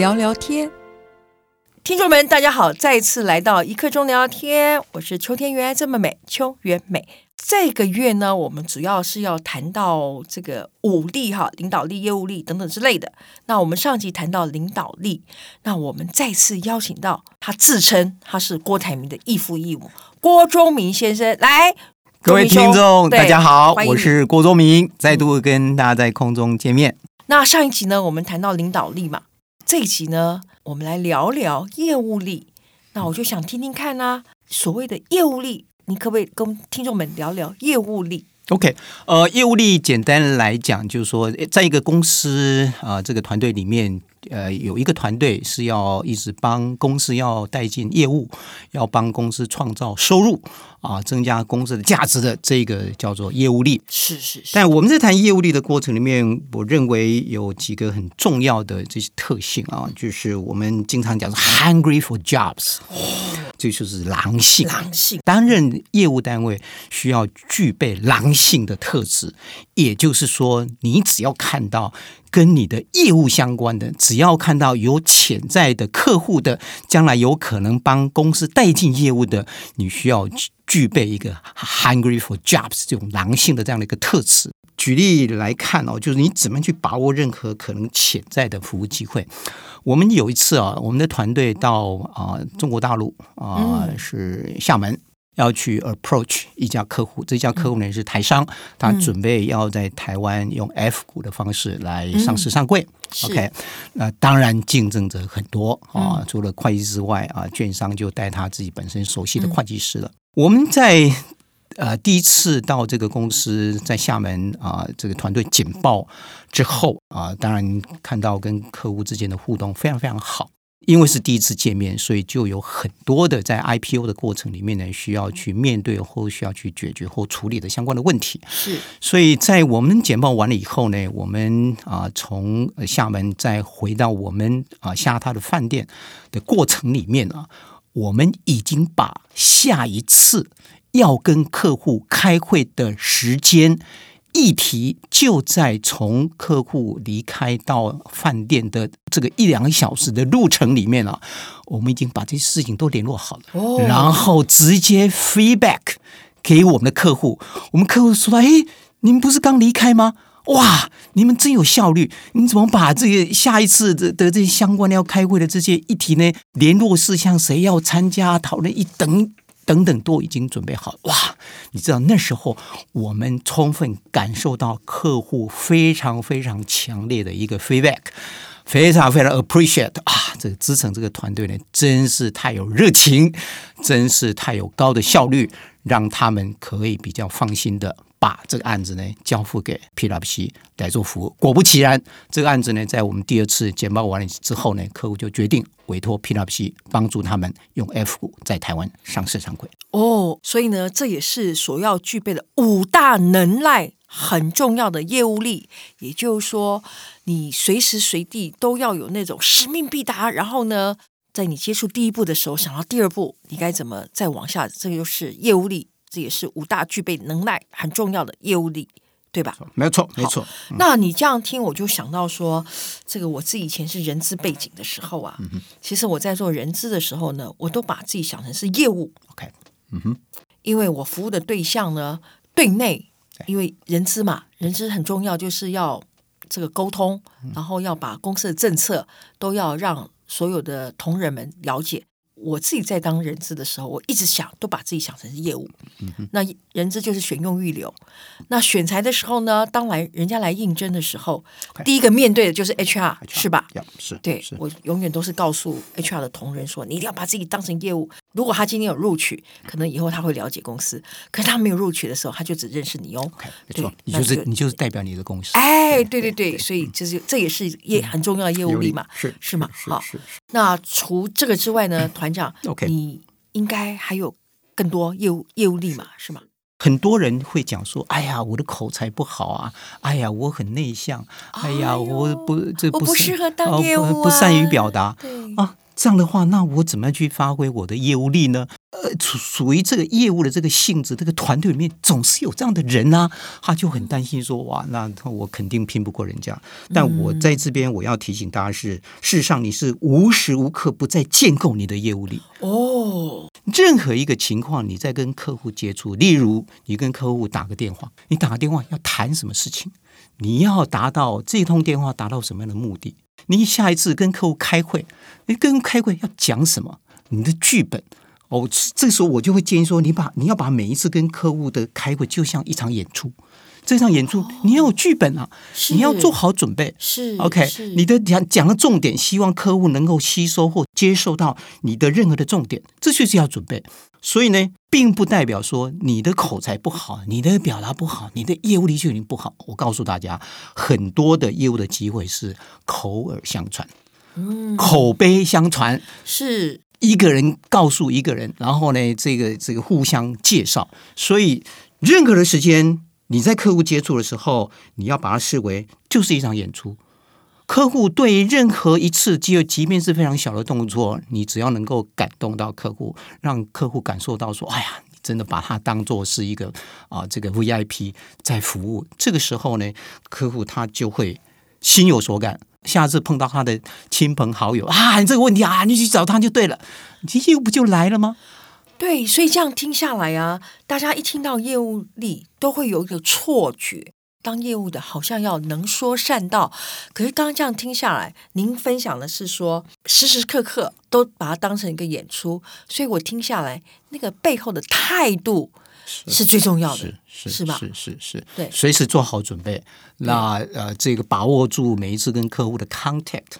聊聊天，聽眾們，大家好，再次來到一刻鐘聊天，我是秋天，原來這麼美，秋原美。這個月呢，我們主要是要談到這個五力哈、領導力、業務力等等之類的。那我們上集談到領導力，那我們再次邀請到他，自稱他是郭台銘的義父義母，郭宗銘先生來。各位聽眾，對大家好，我是郭宗銘，嗯、再度跟大家在空中見面。那上一集呢，我們談到領導力嘛。這一集呢，我們來聊聊業務力。那我就想聽聽看啊，所謂的業務力，你可不可以跟聽眾們聊聊業務力？OK，呃，業務力簡單來講，就是說，在一個公司啊，呃，這個團隊裡面，呃，有一個團隊是要一直幫公司要帶進業務，要幫公司創造收入，啊，呃，增加公司的價值的，這個叫做業務力。是是是。但我們在談業務力的過程裡面，我認為有幾個很重要的這些特性啊，就是我們經常講是 hungry for jobs。這就是狼性，狼性擔任業務單位需要具備狼性的特質，也就是說，你只要看到跟你的業務相關的，只要看到有潛在的客戶的，將來有可能幫公司帶進業務的，你需要。具備一個 hungry for jobs 這種狼性的這樣的一個特質。舉例來看哦，就是你怎麼去把握任何可能潛在的服務機會？我們有一次啊，我們的團隊到啊、呃、中國大陸啊、呃、是廈門要去 approach 一家客戶，這家客戶呢是台商，他準備要在台灣用 F 股的方式來上市上櫃。嗯、OK，那當然競爭者很多啊、呃，除了會計之外啊、呃，券商就帶他自己本身熟悉的會計師了。嗯我們在呃第一次到這個公司在廈門啊、呃，這個團隊簡報之後啊、呃，當然看到跟客戶之間的互動非常非常好，因為是第一次見面，所以就有很多的在 IPO 的過程裡面呢，需要去面對或需要去解決或處理的相關的問題。是，所以在我們簡報完了以後呢，我們啊、呃、從廈門再回到我們啊、呃、下榻的飯店的過程裡面啊。我們已經把下一次要跟客戶開會的時間、議題，就在從客戶離開到飯店的這個一兩個小時的路程裡面了。我們已經把這些事情都聯絡好了，然後直接 feedback 給我們的客戶。我們客戶說：“哎，您不是剛離開嗎？”哇，你們真有效率！你怎麼把這個下一次的的這些相關的要開會的這些議題呢？聯絡事項誰要參加討論，一等等等都已經準備好。哇，你知道那時候我們充分感受到客戶非常非常強烈的一個 feedback，非常非常 appreciate 啊！這個支撐這個團隊呢，真是太有熱情，真是太有高的效率，讓他們可以比較放心的。把這個案子呢交付給 PwC 來做服務。果不其然，這個案子呢，在我們第二次簡報完了之後呢，客戶就決定委託 PwC 幫助他們用 F 股在台灣上市上櫃。哦，oh, 所以呢，這也是所要具備的五大能耐很重要的業務力。也就是說，你隨時隨地都要有那種使命必達，然後呢，在你接觸第一步的時候，想到第二步，你該怎麼再往下？這個就是業務力。這也是五大具備能耐，很重要的業務力，對吧？沒錯，好沒錯。那你這樣聽，我就想到說，嗯、這個我自己以前是人資背景的時候啊，嗯、哼其實我在做人資的時候呢，我都把自己想成是業務。OK，嗯哼，因為我服務的對象呢，對內，對因為人資嘛，人資很重要，就是要這個溝通，然後要把公司的政策都要讓所有的同仁們了解。我自己在當人資的時候，我一直想都把自己想成是業務。嗯、哼那人資就是選用預留。那選才的時候呢，當來人家來應徵的時候，Okay. 第一個面對的就是 HR，Okay. 是吧？對，是我永遠都是告訴 HR 的同仁說，你一定要把自己當成業務。如果他今天有錄取，可能以後他會了解公司；可是他沒有錄取的時候，他就只認識你哦。沒錯，你就是你就是代表你的公司。哎，對對對，所以就是這也是業很重要的業務力嘛，是是嗎？好，那除這個之外呢，團長，OK，你應該還有更多業務業務力嘛，是嗎？很多人會講說：“哎呀，我的口才不好啊，哎呀，我很內向，哎呀，我不這我不適合當業務啊，不善於表達。”對啊。這樣的話，那我怎麼樣去發揮我的業務力呢？呃，屬屬於這個業務的這個性質，這個團隊裡面總是有這樣的人啊，他就很擔心說：哇，那我肯定拼不過人家。但我在這邊，我要提醒大家是：事實上你是無時無刻不在建構你的業務力哦。任何一個情況，你在跟客戶接觸，例如你跟客戶打個電話，你打個電話要談什麼事情？你要達到這通電話達到什麼樣的目的？你下一次跟客戶開會，你跟開會要講什麼？你的劇本哦，這時候我就會建議說，你把你要把每一次跟客戶的開會就像一場演出，這場演出、哦、你要有劇本啊，是你要做好準備。是 OK，是是你的講講的重點，希望客戶能夠吸收或，接受到你的任何的重點，這就是要準備。所以呢，並不代表說你的口才不好，你的表達不好，你的業務力就已經不好。我告訴大家，很多的業務的機會是口耳相傳，嗯，口碑相傳是一個人告訴一個人，然後呢，這個這個互相介紹。所以，任何的時間你在客戶接觸的時候，你要把它視為就是一場演出。客戶對任何一次機會，即便是非常小的動作，你只要能夠感動到客戶，讓客戶感受到說：“哎呀，你真的把他當作是一個啊、呃、這個 VIP 在服務。”這個時候呢，客戶他就會心有所感，下次碰到他的親朋好友啊，你這個問題啊，你去找他就對了，你這業務不就來了嗎？對，所以這樣聽下來啊，大家一聽到業務力，都會有一個錯覺。當業務的，好像要能說善道，可是剛剛這樣聽下來，您分享的是說，時時刻刻都把它當成一個演出，所以我聽下來，那個背後的態度是最重要的，是是，是，是吧？是是是，是是是對，隨時做好準備，那呃，這個把握住每一次跟客戶的 contact，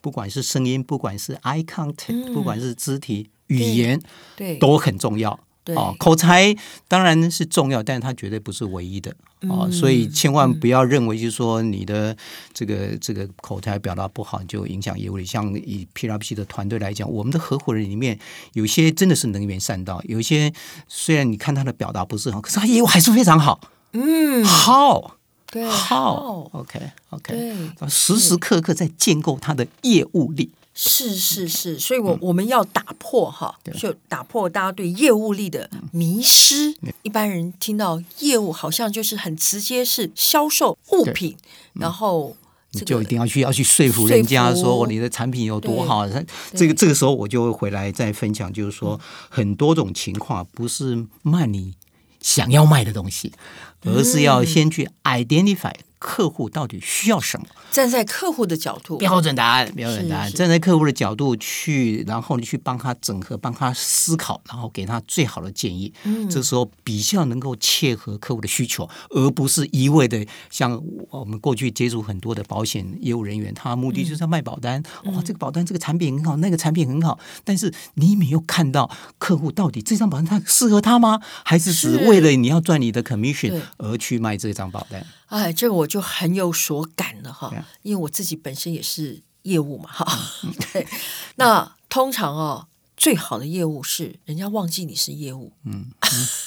不管是聲音，不管是 eye contact，嗯，不管是肢體語言，對，對都很重要。對，哦，口才當然是重要，但是它絕對不是唯一的、嗯、哦，所以千萬不要認為就是說你的這個、嗯、這個口才表達不好就影響業務。像以 PwC 的團隊來講，我們的合夥人裡面有些真的是能言善道，有些雖然你看他的表達不是很好，可是他業務還是非常好。嗯，好，對。好，OK，OK，對，時時刻刻在建構他的業務力。是是是，所以我，我、嗯、我們要打破哈，對就打破大家對業務力的迷思。嗯、一般人聽到業務，好像就是很直接是銷售物品，嗯、然後、這個、你就一定要去要去說服人家說你的產品有多好、啊。這個這個時候，我就會回來再分享，就是說很多種情況不是賣你想要賣的東西，而是要先去 identify、嗯。客戶到底需要什麼？站在客戶的角度，標準答案，標準答案。是是站在客戶的角度去，然後你去幫他整合，幫他思考，然後給他最好的建議。嗯，這時候比較能夠切合客戶的需求，而不是一味的像我們過去接觸很多的保險業務人員，他目的就是要賣保單。嗯、哇，這個保單這個產品很好，那個產品很好。但是你沒有看到客戶到底這張保單它適合他嗎？還是只為了你要賺你的 commission 而去賣這張保單？哎，這個我就很有所感了哈，因為我自己本身也是業務嘛哈。對，那通常哦，最好的業務是人家忘記你是業務，嗯，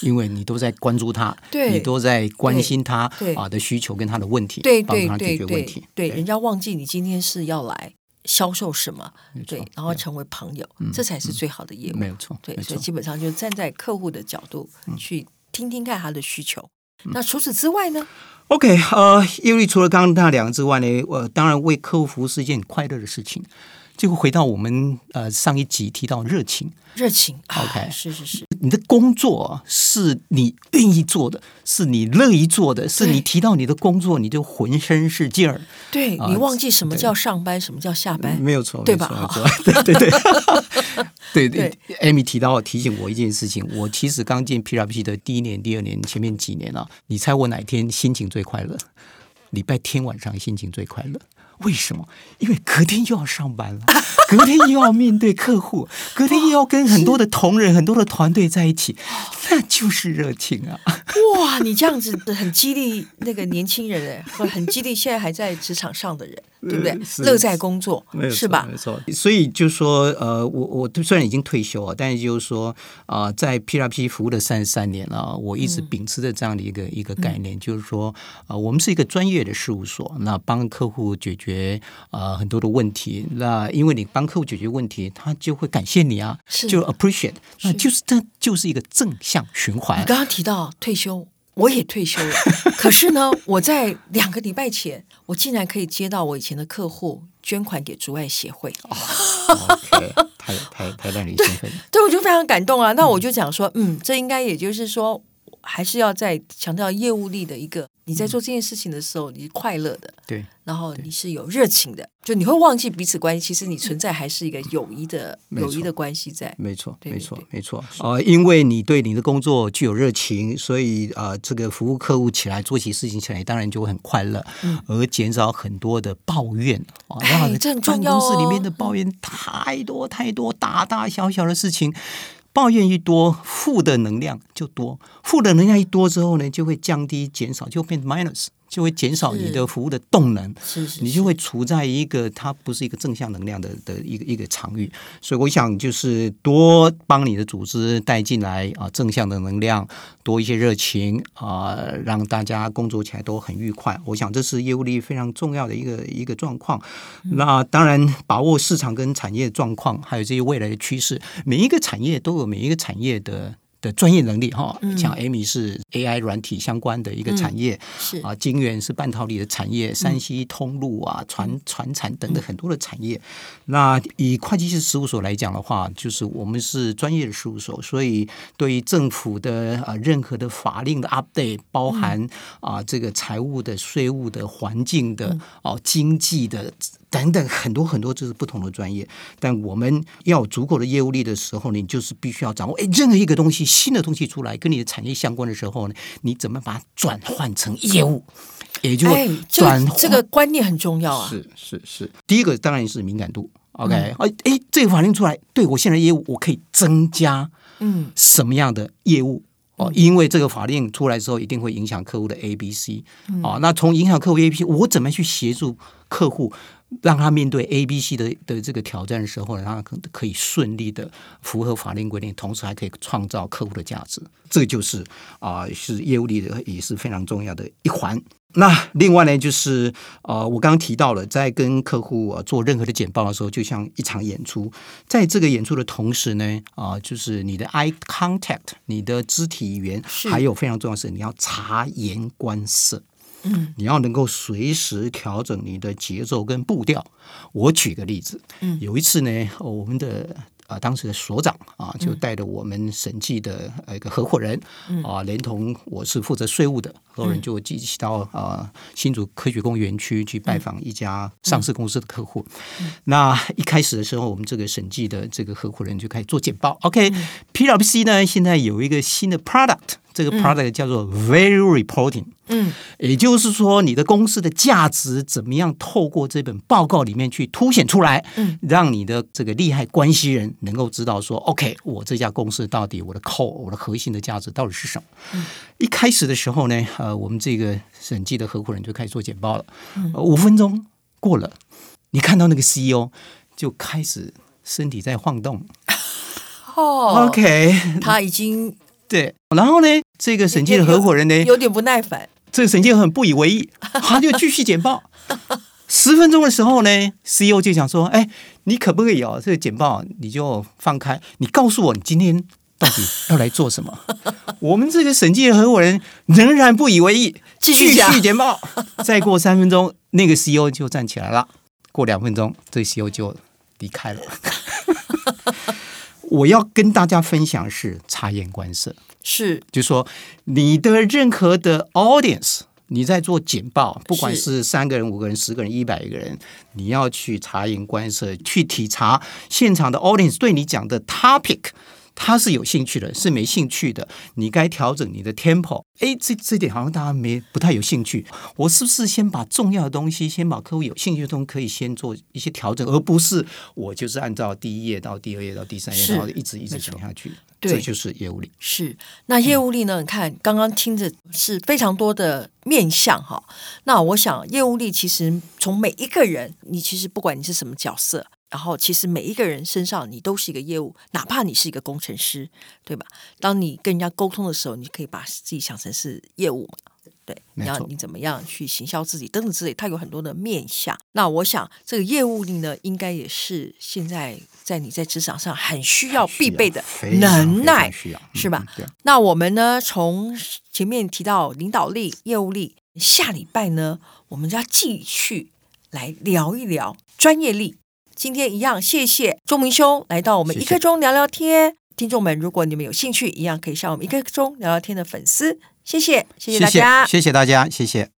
因為你都在關注他，對，你都在關心他，啊的需求跟他的問題，對對對對對，幫他解決問題，人家忘記你今天是要來銷售什麼，對，然後成為朋友，這才是最好的業務，沒有錯，對，所以基本上就站在客戶的角度去聽聽看他的需求。那除此之外呢？OK，呃，因為除了剛剛那兩個之外呢，我，呃，當然為客戶服務是一件很快樂的事情。就回到我們呃上一集提到熱情，熱情，OK，是是是，你的工作是你願意做的，是你樂意做的，是你提到你的工作你就渾身是勁兒，對，你忘記什麼叫上班，什麼叫下班，沒有錯，對吧？對對對對，Amy 提到，提醒我一件事情，我其實剛進 PRPC 的第一年、第二年、前面幾年啊，你猜我哪天心情最快樂？禮拜天晚上心情最快樂。為什麼？因為隔天又要上班了，隔天又要面對客戶， 隔天又要跟很多的同仁、哦、很多的團隊在一起，那就是熱情啊。哇，你這樣子很激勵那個年輕人哎、欸，或很激勵現在還在職場上的人，對不對？是樂在工作，是吧？沒錯。所以就說，呃，我我雖然已經退休了，但是就是說啊、呃，在 P R P 服務了三十三年了，我一直秉持着這樣的一個、嗯、一個概念，就是說啊、呃，我們是一個專業的事務所，嗯、那幫客戶解決啊、呃、很多的問題。那因為你幫客戶解決問題，他就會感謝你啊，是就 appreciate，是那就是它就是一個正向循環。你剛剛提到退休。休，我也退休了。 可是呢，我在兩個禮拜前，我竟然可以接到我以前的客戶捐款給竹外協會，oh, okay. 太太太讓你興奮。對，對我就非常感動啊。那我就講說，嗯，嗯，這應該也就是說，還是要再強調業務力的一個。你在做這件事情的時候，你快樂的，嗯、對，對，然後你是有熱情的，就你會忘記彼此關係。其實你存在還是一個友誼的友誼錯的關係在，沒錯，對沒錯，沒錯。呃，因為你對你的工作具有熱情，所以呃，這個服務客戶起來，嗯、做起事情起來，當然就會很快樂，嗯、而減少很多的抱怨。哎，這很重要哦。辦公室裡面的抱怨太多太多，大大小小的事情。抱怨一多，負的能量就多；負的能量一多之後呢，就會降低、減少，就變成 minus。就會減少你的服務的動能，是是是是，你就會處在一個它，不是一個正向能量的的一個一個場域，所以我想就是多幫你的組織帶進來啊、呃、正向的能量，多一些熱情啊、呃，讓大家工作起來都很愉快。我想這是業務力非常重要的一個一個狀況。那當然把握市場跟產業狀況，還有這些未來的趨勢，每一個產業都有每一個產業的。的專業能力哈，像 Amy 是 AI 軟體相關的一個產業，嗯、是啊，晶圓是半導體的產業，山西通路啊，傳傳產等等很多的產業。嗯、那以會計師事務所來講的話，就是我們是專業的事務所，所以對於政府的啊任何的法令的 update，包含啊這個財務的、稅務的、環境的、哦、啊、經濟的。等等，很多很多就是不同的專業，但我們要有足夠的業務力的時候，你就是必須要掌握哎，任何一個東西新的東西出來跟你的產業相關的時候呢，你怎麼把它轉換成業務？也就說，轉，這這個觀念很重要啊。是是是，第一個當然是敏感度。OK，哎哎，這個法令出來，對我現在的業務，我可以增加嗯什麼樣的業務哦？因為這個法令出來之後，一定會影響客戶的 A、B、C 哦，那從影響客戶 A、B、C，我怎麼去協助客戶？讓他面對 A、B、C 的的這個挑戰的時候，讓他可可以順利的符合法令規定，同時還可以創造客戶的價值。這就是啊、呃，是業務力的也是非常重要的一環。那另外呢，就是啊、呃，我剛剛提到了，在跟客戶啊、呃、做任何的簡報的時候，就像一場演出，在這個演出的同時呢，啊、呃，就是你的 eye contact，你的肢體語言，是還有非常重要的是你要察言觀色。嗯，你要能夠隨時調整你的節奏跟步調。我舉個例子，嗯，有一次呢，我們的啊、呃、當時的所長啊就帶着我們審計的一個合夥人啊、嗯呃，連同我是負責稅務的合夥人就，就一起到啊新竹科學公園區去拜訪一家上市公司的客戶。嗯嗯嗯、那一開始的時候，我們這個審計的這個合夥人就開始做簡報。Okay, PwC 呢，現在有一個新的 product。這個 product 叫做 Value Reporting，嗯，也就是說你的公司的價值怎麼樣透過這本報告裡面去凸顯出來，嗯，讓你的這個利害關係人能夠知道說、嗯、OK，我這家公司到底我的 core，我的核心的價值到底是什麼？嗯、一開始的時候呢，呃，我們這個審計的合夥人就開始做簡報了，五、嗯呃、分鐘過了，你看到那個 CEO 就開始身體在晃動，哦，OK，他已經、嗯、對，然後呢？這個審計的合夥人呢，有，有點不耐煩。這個審計很不以為意，他就繼續簡報。 十分鐘的時候呢，CEO 就想說：“哎，你可不可以啊、哦？這個簡報你就放開，你告訴我你今天到底要來做什麼。” 我們這個審計的合夥人仍然不以為意，繼續，繼續簡報。再過三分鐘，那個 CEO 就站起來了。過兩分鐘，這個、CEO 就離開了。 我要跟大家分享的是察言觀色。是，就是說你的任何的 audience，你在做簡報，不管是三個人、五個人、十個人、一百個人，你要去察言觀色，去體察現場的 audience 對你講的 topic。他是有興趣的，是沒興趣的。你該調整你的 tempo。哎，這這點好像大家沒不太有興趣。我是不是先把重要的東西，先把客戶有興趣的東西，可以先做一些調整，而不是我就是按照第一頁到第二頁到第三頁，是然後一直一直講下去。對，這就是業務力。是，那業務力呢？你看剛剛聽着是非常多的面向哈。嗯、那我想業務力其實從每一個人，你其實不管你是什麼角色。然後，其實每一個人身上，你都是一個業務，哪怕你是一個工程師，對吧？當你跟人家溝通的時候，你就可以把自己想成是業務嘛，對，然後你怎麼樣去行銷自己等等之類，它有很多的面向。那我想，這個業務力呢，應該也是現在在你在職場上很需要必備的能耐，是吧？那我們呢，從前面提到領導力、業務力，下禮拜呢，我們就要繼續來聊一聊專業力。今天一樣，謝謝宗銘兄來到我們一刻鐘聊聊天。謝謝聽眾們，如果你們有興趣，一樣可以上我們一刻鐘聊聊天的粉絲，謝謝，謝謝大家，謝謝，謝謝大家，謝謝。